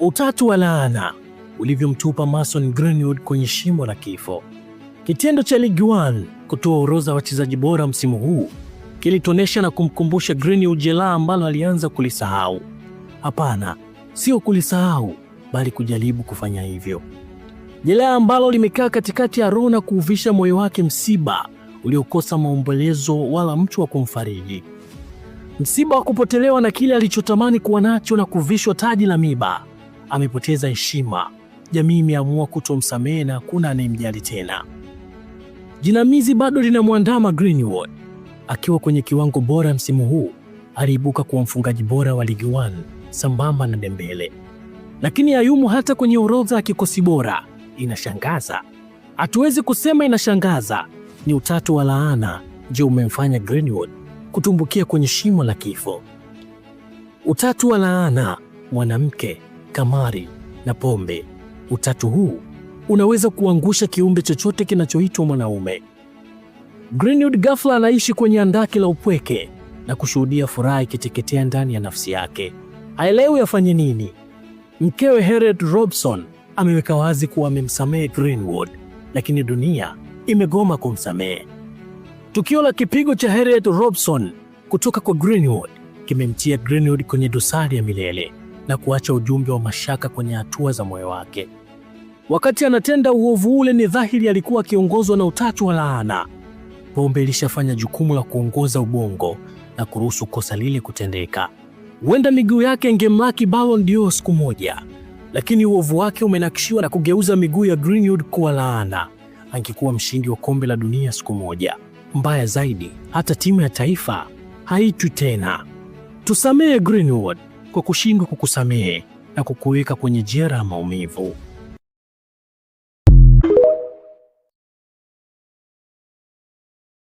Utatu wa laana ulivyomtupa Mason Greenwood kwenye shimo la kifo. Kitendo cha Ligue 1 kutoa orodha wachezaji bora msimu huu kilitonesha na kumkumbusha Greenwood jeraha ambalo alianza kulisahau. Hapana, sio kulisahau, bali kujaribu kufanya hivyo, jeraha ambalo limekaa katikati ya roho na kuuvisha moyo wake msiba uliokosa maombolezo wala mtu wa kumfariji, msiba wa kupotelewa na kile alichotamani kuwa nacho na kuvishwa taji la miba amepoteza heshima, jamii imeamua kutomsamehe na hakuna anayemjali tena. Jinamizi bado linamwandama Greenwood. Akiwa kwenye kiwango bora msimu huu, aliibuka kuwa mfungaji bora wa Ligi 1 sambamba na Dembele, lakini hayumo hata kwenye orodha ya kikosi bora. Inashangaza, hatuwezi kusema inashangaza. Ni utatu wa laana ndio umemfanya Greenwood kutumbukia kwenye shimo la kifo. Utatu wa laana: mwanamke, kamari na pombe. Utatu huu unaweza kuangusha kiumbe chochote kinachoitwa mwanaume. Greenwood ghafla anaishi kwenye andaki la upweke na kushuhudia furaha ikiteketea ndani ya nafsi yake. Haelewi afanye nini. Mkewe Harriet Robson ameweka wazi kuwa amemsamehe Greenwood, lakini dunia imegoma kumsamehe. Tukio la kipigo cha Harriet Robson kutoka kwa Greenwood kimemtia Greenwood kwenye dosari ya milele na kuacha ujumbe wa mashaka kwenye hatua za moyo wake. Wakati anatenda uovu ule, ni dhahiri alikuwa akiongozwa na utatu wa laana. Pombe ilishafanya jukumu la kuongoza ubongo na kuruhusu kosa lile kutendeka. Huenda miguu yake ingemlaki Ballon d'Or siku moja, lakini uovu wake umenakishiwa na kugeuza miguu ya Greenwood kuwa laana. Angekuwa mshindi wa kombe la dunia siku moja. Mbaya zaidi, hata timu ya taifa haitwi tena. Tusamehe Greenwood kwa kushindwa kukusamehe na kukuweka kwenye jera ya maumivu.